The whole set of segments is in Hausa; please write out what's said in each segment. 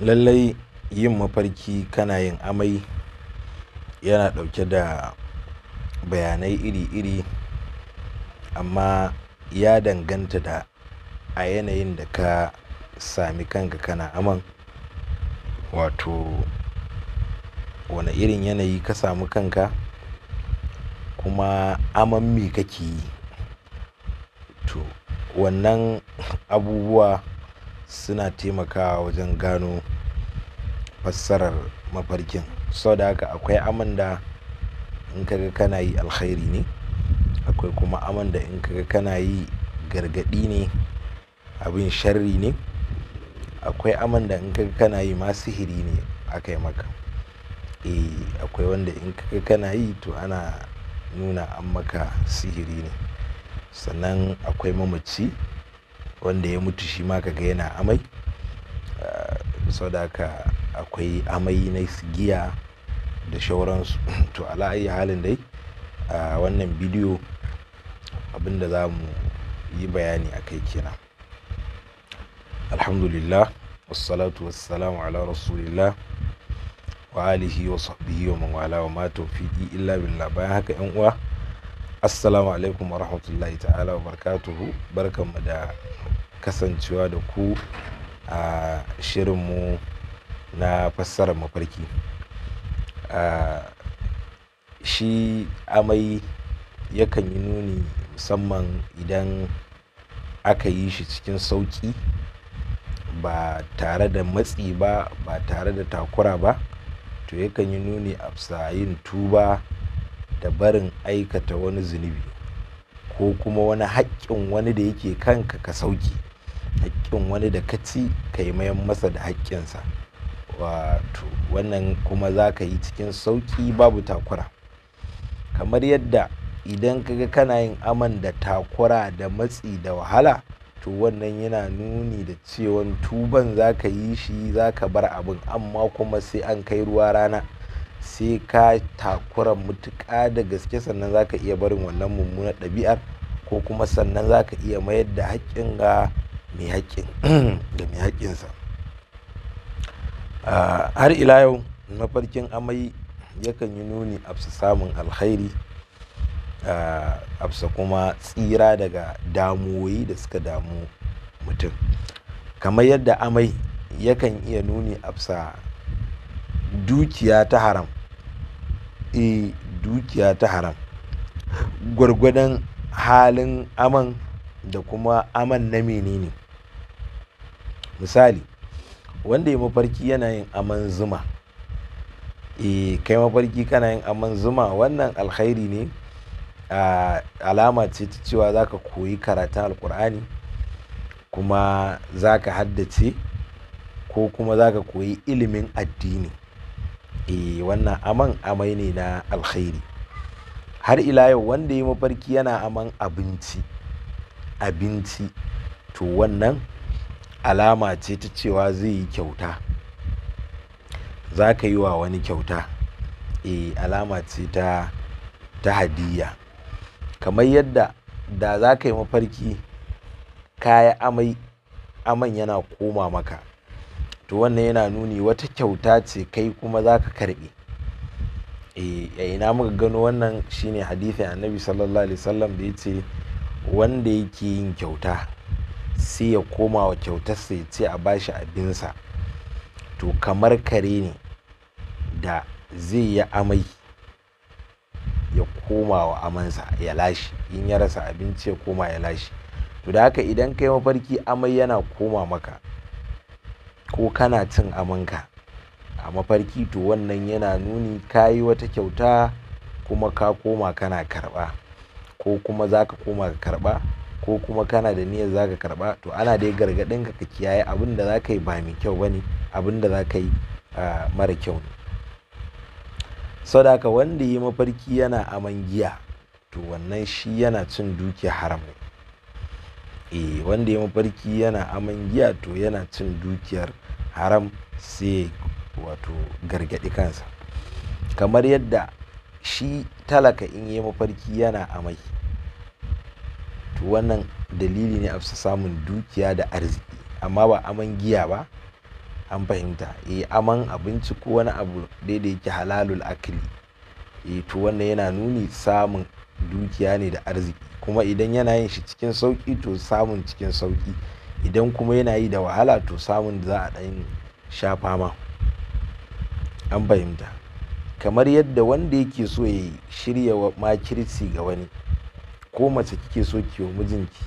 Lallai yin mafarki kana yin amai yana ɗauke da bayanai iri-iri amma ya danganta da a yanayin da ka sami kanka kana aman. Wato wani irin yanayi ka sami kanka kuma aman me kake yi. To wannan abubuwa suna taimakawa wajen gano fassarar mafarkin. Saboda haka akwai aman da in ka ga kana yi alkhairi ne, akwai kuma aman da in ka ga kana yi gargaɗi ne, abin sharri ne. Akwai aman da in ka ga kana yi ma sihiri ne aka yi maka. Eh akwai wanda in ka ga kana yi to ana nuna an maka sihiri ne. Sannan akwai mamaci. wanda ya mutu shi ma kaga yana amai ah, da haka akwai amai na giya da shauransu to ala ayi halin dai a ah, wannan bidiyo abinda za mu yi bayani a kai kenan alhamdulillah wassalatu wassalamu ala rasulillah wa alihi wa sahbihi wa man wala wa ma tawfiqi illa billah bayan haka yan uwa assalamu alaikum wa rahmatullahi ta'ala wa barkatuhu barkanmu da kasancewa da ku a shirinmu na fassara mafarki shi amai yakan yi nuni musamman idan aka yi shi cikin sauƙi ba tare da matsi ba ba tare da takura ba to yakan yi nuni a yin tuba da barin aikata wani zunubi ko kuma wani haƙƙin wani da yake kanka ka sauki haƙƙin wani da ka ci ka yi mayan masa da haƙƙinsa wato wannan kuma za ka yi cikin sauki babu takura kamar yadda idan kaga kana yin aman da takura da matsi da wahala to wannan yana nuni da cewan tuban za ka yi shi za ka bar abin amma kuma sai an kai ruwa rana sai ka takura mutuƙa da gaske sannan zaka iya barin wannan mummunar ɗabi'ar ko kuma sannan zaka iya mayar da haƙƙin ga mai haƙƙin da mai haƙƙinsa ah, har ila yau mafarkin amai yakan yi nuni afsa samun alkhairi afsa ah, kuma tsira daga damuwoyi da suka damu mutum kamar yadda amai yakan iya nuni afsa dukiya ta haram e dukiya ta haram gwargwadon halin aman da kuma aman na menene misali wanda ya mafarki yana yin aman zuma e kai mafarki kana yin aman zuma wannan alkhairi ne alama ce ta cewa za ka koyi karatun alkur'ani kuma za ka haddace ko kuma za ka koyi ilimin addini eh wannan aman amai ne na alkhairi har ila yau wanda ya mafarki yana aman abinci abinci to wannan alama ce ta cewa zai yi kyauta za ka yi wa wani kyauta e alama ce ta ta hadiyya kamar yadda da za ka yi mafarki kaya amai aman yana koma maka to wannan yana nuni wata kyauta ce kai kuma za ka karɓe eh, a ina muka gano wannan shine hadithin annabi sallallahu alaihi wasallam da ya ce wanda yake yin kyauta sai ya koma wa kyautarsa ya ce a bashi abinsa to kamar kare ne da zai yi amai ya koma wa amansa ya lashe in ya rasa abinci ya koma ya lashe to da haka idan kai mafarki amai yana koma maka ko kana cin aminka a mafarki to wannan yana nuni ka yi wata kyauta kuma ka koma kana karɓa ko kuma za ka koma ka karɓa ko kuma kana da niyyar za ka karɓa to ana dai gargaɗin ka ka kiyaye abin da za ka yi ba mai kyau ba ne abin da za ka yi mara kyau ne sadaka wanda ya yi mafarki yana aman giya to wannan shi yana cin dukiya haram ne e wanda ya mafarki yana aman giya to yana cin dukiyar haram sai wato gargaɗi kansa kamar yadda shi talaka in ya mafarki yana amai to wannan dalili ne a afsa samun dukiya da arziki amma ba aman giya ba an fahimta e aman abinci ko wani abu daidai yake halalul akili e eh, to wannan yana nuni samun dukiya ne da arziki kuma idan yana yin shi cikin sauki to samun cikin sauki idan kuma yana yi da wahala to samun za a ɗan shafa ma an fahimta kamar yadda wanda yake so ya shirya makirci ga wani ko mace kike so ki mijinki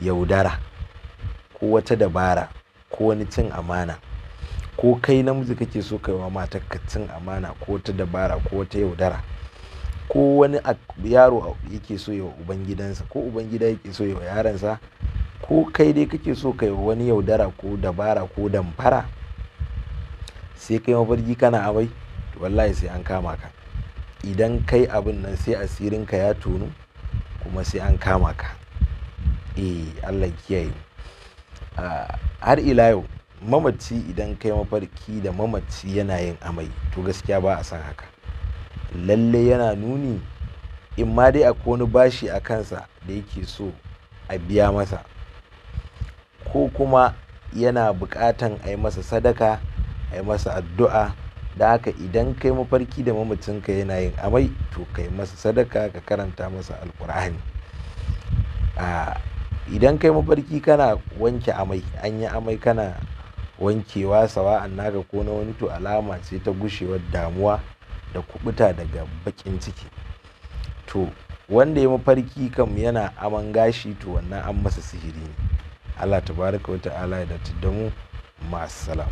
yaudara ko wata dabara ko wani cin amana ko kai namiji kake so kai wa matarka cin amana ko wata dabara ko wata yaudara ko wani yaro yake so yawa ubangidansa ko ubangida yake so yawa yaransa ko kai dai kake so kai wani yaudara ko dabara ko damfara sai kai mafarki kana amai to wallahi sai an kama ka idan kai abin nan sai asirin ka ya tonu kuma sai an kama ka eh Allah kiyaye ah, har ila yau mamaci idan kai mafarki da mamaci yana yin amai to gaskiya ba a san haka lallai yana nuni in ma dai akwai wani bashi a kansa da yake so a biya masa ko kuma yana buƙatan a yi masa sadaka a yi masa addu'a da haka idan kai mafarki da mamacinka yana yin amai to kai masa sadaka ka karanta masa alkur'ani idan kai mafarki kana wanke amai an yi amai kana wankewa sawa'an naka ko na wani to alama ce ta gushewar damuwa da kubuta daga bakin ciki to wanda ya mafarki kam yana aman gashi to wannan an masa sihiri ne allah tabaraka wa ta'ala ya dace da mu masu